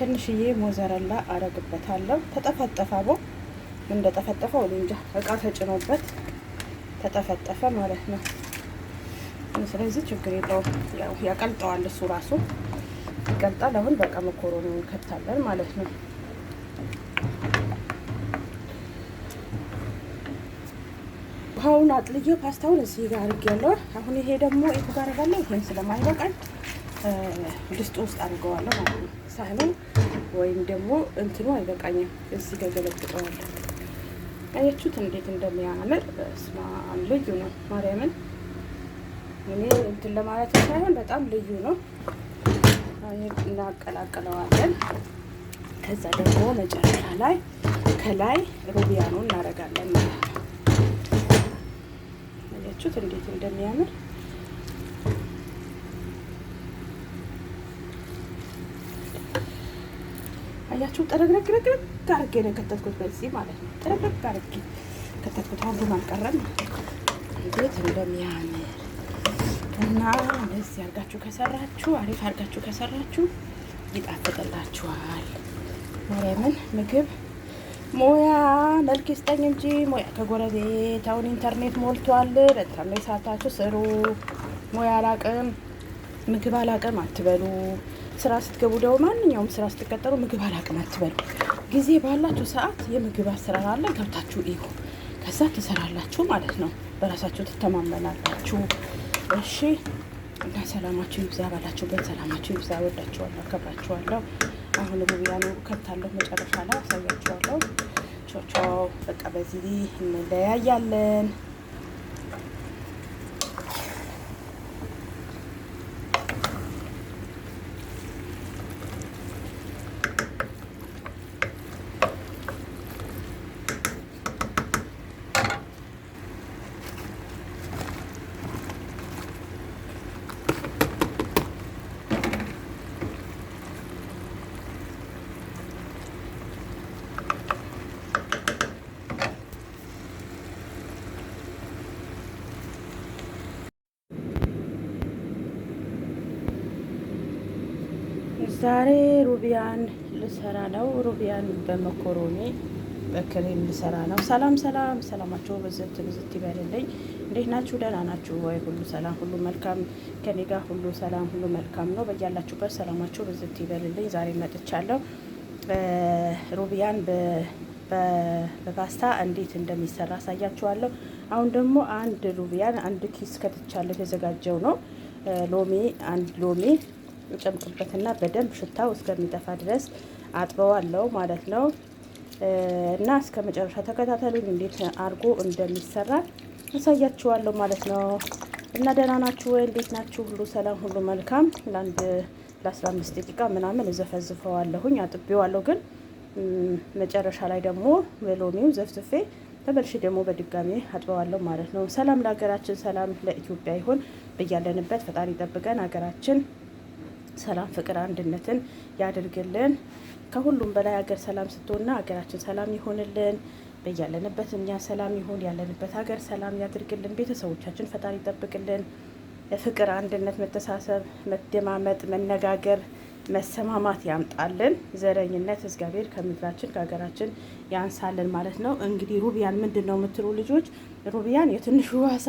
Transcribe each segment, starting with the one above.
ትንሽዬ ሞዘረላ አረግበታለሁ። ተጠፈጠፈ አቦ እንደጠፈጠፈው እንጃ እቃ ተጭኖበት ተጠፈጠፈ ማለት ነው። ስለዚህ ችግር የለውም። ያው ያቀልጠዋል፣ እሱ ራሱ ይቀልጣል። አሁን በቃ መኮሮኑ እንከታለን ማለት ነው። ውሃውን አጥልዬ ፓስታውን እዚህ ጋር አድርጌያለሁ። አሁን ይሄ ደግሞ የቱ ጋር ባለው ይሄን ስለማይበቃል ድስጡ ውስጥ አድርገዋለሁ ማለት ነው። ሳህኑን ወይም ደግሞ እንትኑ አይበቃኝም። እዚህ ጋር ገለብጠዋለሁ። አያችሁት እንዴት እንደሚያምር ስማ፣ ልዩ ነው። ማርያምን እኔ እንትን ለማለት ሳይሆን በጣም ልዩ ነው። እናቀላቅለዋለን። ከዛ ደግሞ መጨረሻ ላይ ከላይ ሩቢያኑ እናደርጋለን። አያችሁት እንዴት እንደሚያምር አያችሁ? ጥረግረግረግረግ አድርጌ ነው የከተትኩት፣ በዚህ ማለት ነው። ጥረግረግ አድርጌ ከተትኩት፣ አንዱን አልቀረም። እንዴት እንደሚያምር እና እንደዚህ አድርጋችሁ ከሰራችሁ፣ አሪፍ አድርጋችሁ ከሰራችሁ ይጣፍጥላችኋል። ማርያምን ምግብ ሙያ መልክ ይስጠኝ እንጂ ሙያ ከጎረቤት አሁን ኢንተርኔት ሞልቷል። ላይ ሳታችሁ ስሩ። ሙያ አላቅም ምግብ አላቅም አትበሉ። ስራ ስትገቡ ደግሞ ማንኛውም ስራ ስትቀጠሩ ምግብ አላቅም አትበሉ። ጊዜ ባላችሁ ሰዓት የምግብ አሰራር አለ፣ ገብታችሁ ይሁ ከዛ ትሰራላችሁ ማለት ነው። በራሳችሁ ትተማመናላችሁ። እሺ እና ሰላማችሁ ይብዛ፣ ባላችሁበት ሰላማችሁ ይብዛ። ወዳችኋለሁ፣ አከብራችኋለሁ። አሁን ብያኑ ከብታለሁ፣ መጨረሻ ላይ አሳያችኋለሁ። ቻው ቻው። በቃ በዚህ እንለያያለን። ዛሬ ሩቢያን ልሰራ ነው። ሩቢያን በመኮሮኒ በክሬም ልሰራ ነው። ሰላም ሰላም፣ ሰላማችሁ ብዝት ብዝት ይበልልኝ። እንዴት ናችሁ? ደህና ናችሁ ወይ? ሁሉ ሰላም፣ ሁሉ መልካም ከኔ ጋር ሁሉ ሰላም፣ ሁሉ መልካም ነው። በያላችሁበት ሰላማችሁ ብዝት ይበልልኝ። ዛሬ መጥቻለሁ ሩቢያን በፓስታ እንዴት እንደሚሰራ አሳያችኋለሁ። አሁን ደግሞ አንድ ሩቢያን አንድ ኪስ ከትቻለሁ የተዘጋጀው ነው ሎሚ አንድ ሎሚ ጨምቅበትና በደንብ ሽታው እስከሚጠፋ ድረስ አጥበዋለሁ ማለት ነው። እና እስከ መጨረሻ ተከታተሉኝ እንዴት አድርጎ እንደሚሰራ አሳያችኋለሁ ማለት ነው። እና ደህና ናችሁ ወይ? እንዴት ናችሁ? ሁሉ ሰላም፣ ሁሉ መልካም። ለአንድ ለ አምስት ደቂቃ ምናምን እዘፈዝፈዋለሁኝ አጥቤዋለሁ። ግን መጨረሻ ላይ ደግሞ በሎሚው ዘፍዝፌ ተመልሼ ደግሞ በድጋሚ አጥበዋለሁ ማለት ነው። ሰላም ለሀገራችን፣ ሰላም ለኢትዮጵያ ይሁን። በያለንበት ፈጣሪ ጠብቀን ሀገራችን ሰላም ፍቅር አንድነትን ያድርግልን። ከሁሉም በላይ ሀገር ሰላም ስትሆንና ሀገራችን ሰላም ይሆንልን። በያለንበት እኛ ሰላም ይሁን፣ ያለንበት ሀገር ሰላም ያድርግልን። ቤተሰቦቻችን ፈጣሪ ይጠብቅልን። ፍቅር፣ አንድነት፣ መተሳሰብ፣ መደማመጥ፣ መነጋገር፣ መሰማማት ያምጣልን። ዘረኝነት እግዚአብሔር ከምድራችን ከሀገራችን ያንሳልን ማለት ነው። እንግዲህ ሩቢያን ምንድን ነው የምትሉ ልጆች፣ ሩቢያን የትንሹ አሳ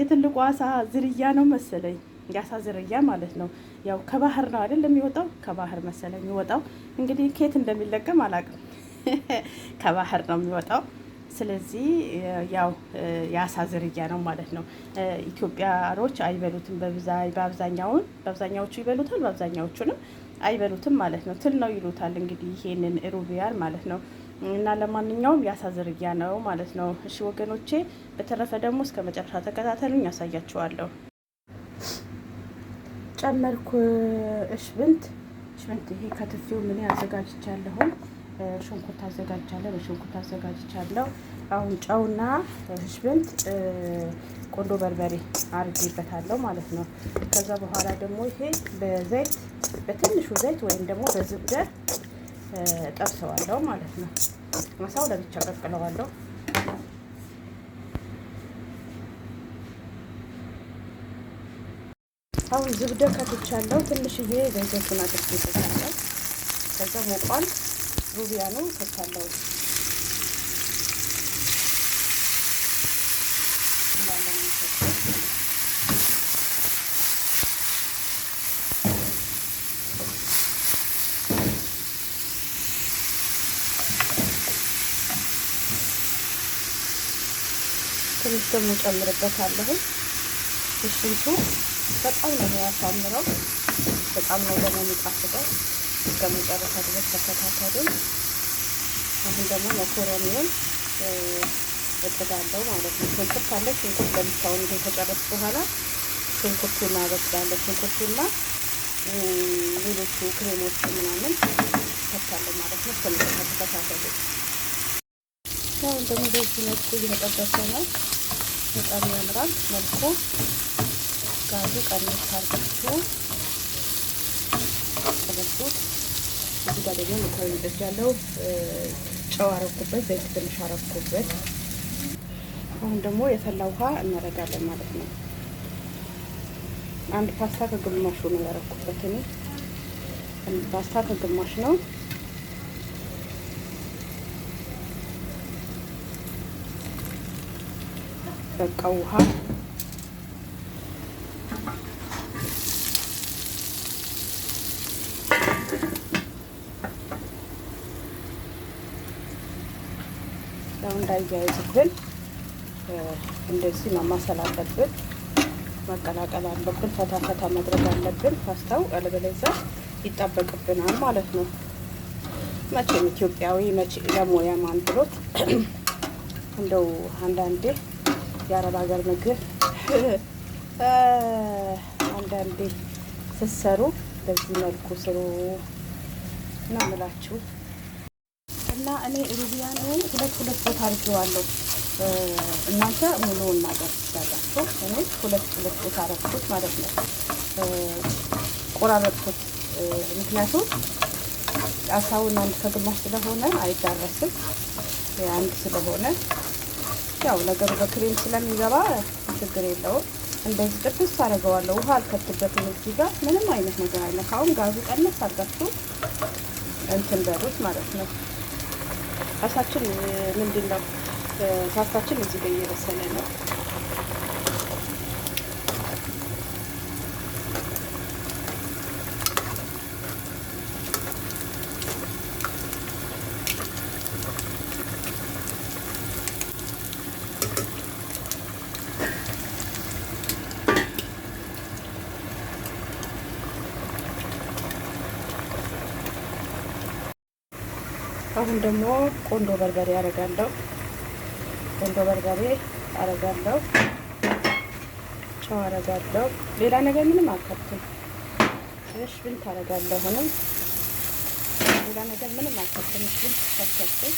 የትልቁ አሳ ዝርያ ነው መሰለኝ የአሳ ዝርያ ማለት ነው። ያው ከባህር ነው አይደል የሚወጣው? ከባህር መሰለ የሚወጣው። እንግዲህ ኬት እንደሚለቀም አላውቅም። ከባህር ነው የሚወጣው። ስለዚህ ያው የአሳ ዝርያ ነው ማለት ነው። ኢትዮጵያሮች አይበሉትም በአብዛኛውን በአብዛኛዎቹ ይበሉታል፣ በአብዛኛዎቹንም አይበሉትም ማለት ነው። ትል ነው ይሉታል እንግዲህ ይሄንን ሩቢያል ማለት ነው። እና ለማንኛውም የአሳ ዝርያ ነው ማለት ነው። እሺ ወገኖቼ፣ በተረፈ ደግሞ እስከ መጨረሻ ተከታተሉኝ፣ ያሳያችኋለሁ። ጨመርኩ እሽብንት እሽብንት። ይሄ ከትፌው ምን አዘጋጅቻለሁም ሽንኩርት አዘጋጅቻለሁ፣ በሽንኩርት አዘጋጅቻለሁ። አሁን ጨውና እሽብንት ቆንዶ በርበሬ አርጌበታለሁ ማለት ነው። ከዛ በኋላ ደግሞ ይሄ በዘይት በትንሹ ዘይት ወይም ደግሞ በዝብደር ጠብሰዋለሁ ማለት ነው። መሳው ለብቻ ቀቅለዋለሁ። አሁን ዝብደ ከትቻለሁ። ትንሽዬ ዘይቱን አድርጌበታለሁ። ከዛ ሞቋል ሩቢያ ነው ከቻለሁ ትንሽ ደግሞ ጨምርበታለሁ ሽንቱ በጣም ነው የሚያሳምረው። በጣም ነው ደግሞ የሚጣፍጠው። እስከ መጨረሻ ድረስ ተከታተሉ። አሁን ደግሞ መኮረኒውን እጥዳለሁ ማለት ነው። ሽንኩርት አለ። ሽንኩርት ለብቻውን ይሄ ከጨረስ በኋላ ሽንኩርቱና በስላለሁ ሽንኩርቱና ሌሎቹ ክሬሞች ምናምን ከተታለሁ ማለት ነው። እስከ ተከታተሉ። ተከታተሉኝ። አሁን ደግሞ በዚህ መልኩ እየተጠበሰ ነው። በጣም ያምራል መልኩ ጋዙ ቀንስ አድርጋችሁ ቀበልኩት። እዚህ ጋር ደግሞ መኮረኒ በጃለው ጨው አረኩበት፣ ዘይት ትንሽ አረኩበት። አሁን ደግሞ የፈላ ውሃ እናደርጋለን ማለት ነው። አንድ ፓስታ ከግማሹ ነው ያረኩበት እኔ አንድ ፓስታ ከግማሽ ነው በቃ ውሃ ያው እንዳያይዝብን እንደዚህ ማማሰል አለብን፣ መቀላቀል አለብን፣ ፈታ ፈታ መድረግ አለብን። ፓስታው አለበለዚያ ይጣበቅብናል ማለት ነው። መቼም ኢትዮጵያዊ መቼ ለሞያ ማን ብሎት እንደው አንዳንዴ የአረብ ሀገር ምግብ አንዳንዴ ስትሰሩ በዚህ መልኩ ስሩ ነው እና እኔ ሩቢያን ወይ ሁለት ሁለት ቦታ አድርጌዋለሁ። እናንተ ሙሉውን ነገር ትችላላችሁ። እኔ ሁለት ሁለት ቦታ አደረኩት ማለት ነው፣ ቆራረጥኩት። ምክንያቱም አሳውን አንድ ከግማሽ ስለሆነ አይዳረስም፣ አንድ ስለሆነ ያው ነገሩ በክሬም ስለሚገባ ችግር የለውም። እንደዚህ ቅድስ አደርገዋለሁ። ውሃ አልከትበትም። እዚህ ጋር ምንም አይነት ነገር አይነካውም። ጋዙ ቀነስ አድርጋችሁ እንትን በሩት ማለት ነው። ራሳችን ምንድን ነው? ሳስታችን እዚህ ጋር እየበሰለ ነው። አሁን ደግሞ ቆንዶ በርበሬ አረጋለሁ። ቆንዶ በርበሬ አረጋለሁ። ጨው አረጋለሁ። ሌላ ነገር ምንም አልከብትም። እሽ ብን ታረጋለሁ። አሁንም ሌላ ነገር ምንም አልከብትም። እሽ ብን ከከብትም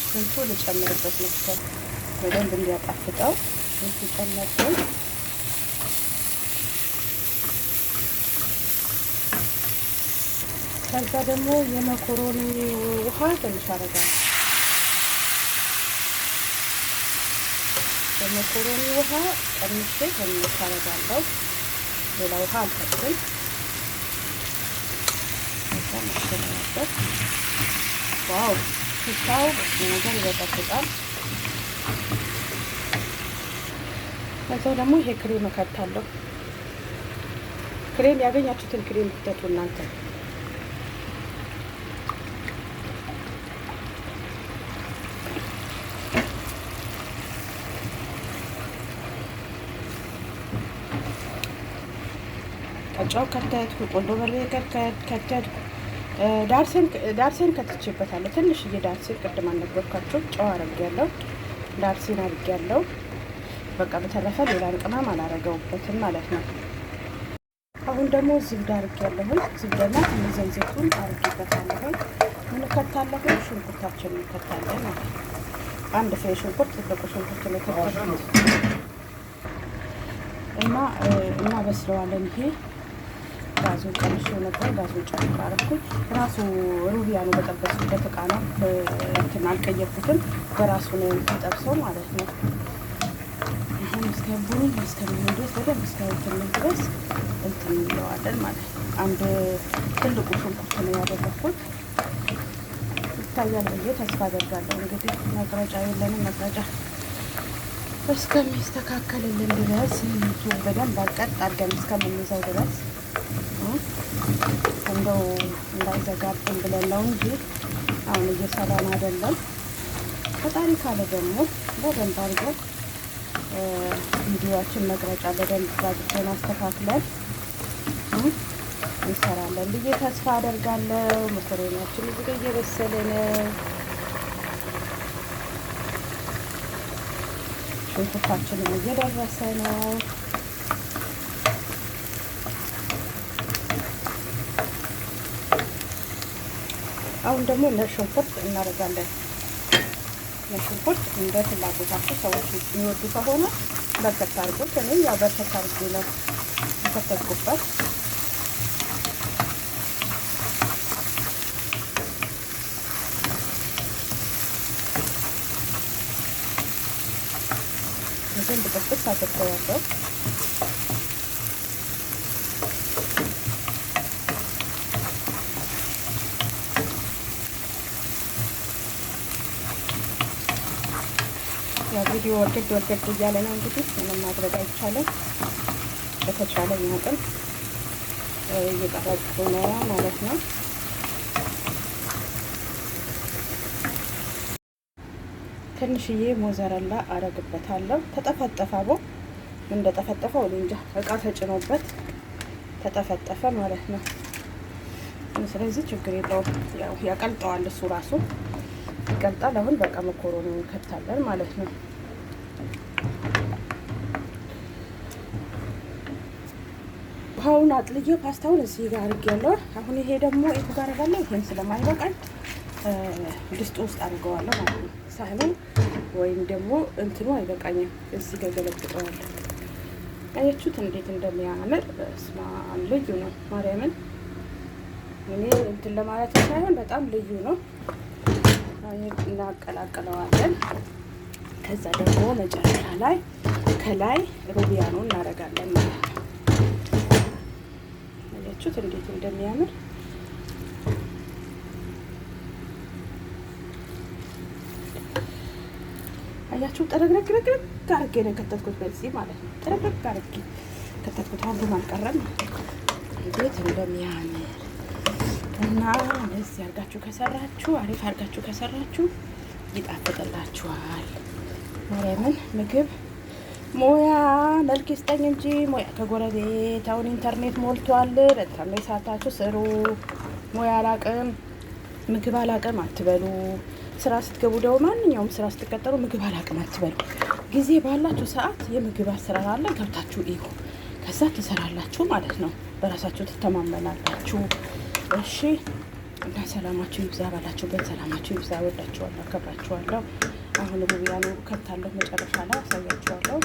እሽንቱ ልጨምርበት መሰል በደንብ እንዲያጣፍጠው እሽንቱ ጨመርኩኝ። ከዛ ደግሞ የመኮሮኒ ውሃ ትንሽ አደርጋለሁ። የመኮሮኒ ውሃ ቀንሼ ትንሽ አደርጋለሁ። ሌላ ውሃ አልጠቅም። ዋው ሽታው ነገር ይበጠብጣል። ከዛው ደግሞ ይሄ ክሬም እከታለሁ። ክሬም ያገኛችሁትን ክሬም ክተቱ እናንተ ጨው ከተትኩ፣ ቆንዶ በርበሬ ከተትኩ፣ ዳርሴን ከትቼበታለሁ። ትንሽዬ ዳርሴን ቅድም አልነገርኳችሁ ጨው አረጌያለሁ፣ ዳርሴን አርጌያለሁ። በቃ በተረፈ ሌላን ቅመም አላረገውበትም ማለት ነው። አሁን ደግሞ ዝብዳ አርጌያለሁኝ። ዝብዳና ዘንዘቱን አርጌበታለሁኝ። ምን እከታለሁኝ? ሽንኩርታችን እንከታለን ማለት ነው። አንድ ፍሬ ሽንኩርት ትልቁ ሽንኩርት ነው ከተተኩት እና በስለዋለን ይሄ ባዞ ጨርሼ ነበር። ባዞ ጨርቅ አረኩኝ። ራሱ ሩቢያ ነው በጠበስኩበት እቃ ነው እንትን አልቀየርኩትም። በራሱ ነው ጠብሰው ማለት ነው። አሁን እስከ ቡሩን እስከሚሆን ድረስ በደንብ እስከ እንትን ድረስ እንትን እንለዋለን ማለት ነው። አንድ ትልቁ ሽንኩርት ነው ያደረኩት። ይታያል ብዬ ተስፋ አደርጋለሁ። እንግዲህ መቅረጫ የለንም መቅረጫ እስከሚስተካከልልን ድረስ ይቱ በደንብ አቀጥ አድርገን እስከምንይዘው ድረስ እንደው እንዳይዘጋብን ብለን ነው እንጂ አሁን እየሰራን አይደለም። ፈጣሪ ካለ ደግሞ በደንብ አድርገን ቪዲዮችን መቅረጫ በደንብ አድርገን አስተካክለን እንሰራለን ብዬ ተስፋ አደርጋለሁ። መኮረናችን እዚህ እየበሰለ ነው። ሽንኩርታችንም እየደረሰ ነው። አሁን ደግሞ ለሽንኩርት እናደርጋለን። ለሽንኩርት እንደ ፍላጎታቸው ሰዎች የሚወዱ ከሆነ በርከት አድርጎት እኔ ያው በርከት አድርጌ ነው የተፈትኩበት በደንብ ጥብስ አድርገዋለሁ። ያው ቪዲዮ ወርደድ ወርደድ እያለ ነው እንግዲህ ምንም ማድረግ አይቻልም። በተቻለ መጠን እየጠረጥኩ ነው ማለት ነው። ትንሽዬ ሞዘረላ አረግበታለሁ። ተጠፈጠፈ አቦ እንደጠፈጠፈው እንጃ እቃ ተጭኖበት ተጠፈጠፈ ማለት ነው። ስለዚህ ችግር የለውም። ያው ያቀልጠዋል፣ እሱ ራሱ ይቀልጣል። አሁን በቃ መኮሮኒ ከታለን ማለት ነው። ውሃውን አጥልዬ ፓስታውን እዚህ ጋር አድርጌያለሁ። አሁን ይሄ ደግሞ የቱ ጋር አደርጋለሁ? ይሄን ስለማይበቃል ድስጡ ውስጥ አድርገዋለሁ ማለት ነው። ሳህኑን ወይም ደግሞ እንትኑ አይበቃኝም፣ እዚህ ጋር ገለብጠዋለሁ። አያችሁት እንዴት እንደሚያምር ስማ፣ ልዩ ነው። ማርያምን እኔ እንትን ለማለት ሳይሆን በጣም ልዩ ነው። እናቀላቅለዋለን። ከዛ ደግሞ መጨረሻ ላይ ከላይ ሩቢያኑ እናደርጋለን ማለት ነው። አያችሁት እንዴት እንደሚያምር አያችሁ? ጥረግረግረግረግ አድርጌ ነው የከተትኩት። በዚህ ማለት ነው ጥረግረግ አድርጌ ከተትኩት። አንዱም አልቀረም። እንዴት እንደሚያምር እና እንደዚህ አድርጋችሁ ከሰራችሁ፣ አሪፍ አድርጋችሁ ከሰራችሁ ይጣፍጥላችኋል። ማርያምን ምግብ ሙያ መልክ ይስጠኝ እንጂ ሙያ ከጎረቤት አሁን ኢንተርኔት ሞልቷል። ኢንተርኔት ሳታችሁ ስሩ። ሙያ አላቅም ምግብ አላቅም አትበሉ። ስራ ስትገቡ ደው ማንኛውም ስራ ስትቀጠሩ ምግብ አላቅም አትበሉ። ጊዜ ባላችሁ ሰዓት የምግብ አሰራር አለ፣ ገብታችሁ ይሁ ከዛ ትሰራላችሁ ማለት ነው። በራሳችሁ ትተማመናላችሁ። እሺ እና ሰላማችሁ ይብዛ፣ ባላችሁበት ሰላማችሁ ይብዛ። ወዳችኋለሁ፣ ከብራችኋለሁ። አሁን ቡቢያኑ ከብታለሁ፣ መጨረሻ ላይ አሳያችኋለሁ።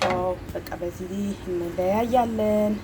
ቻው። በቃ በዚህ እንለያያለን።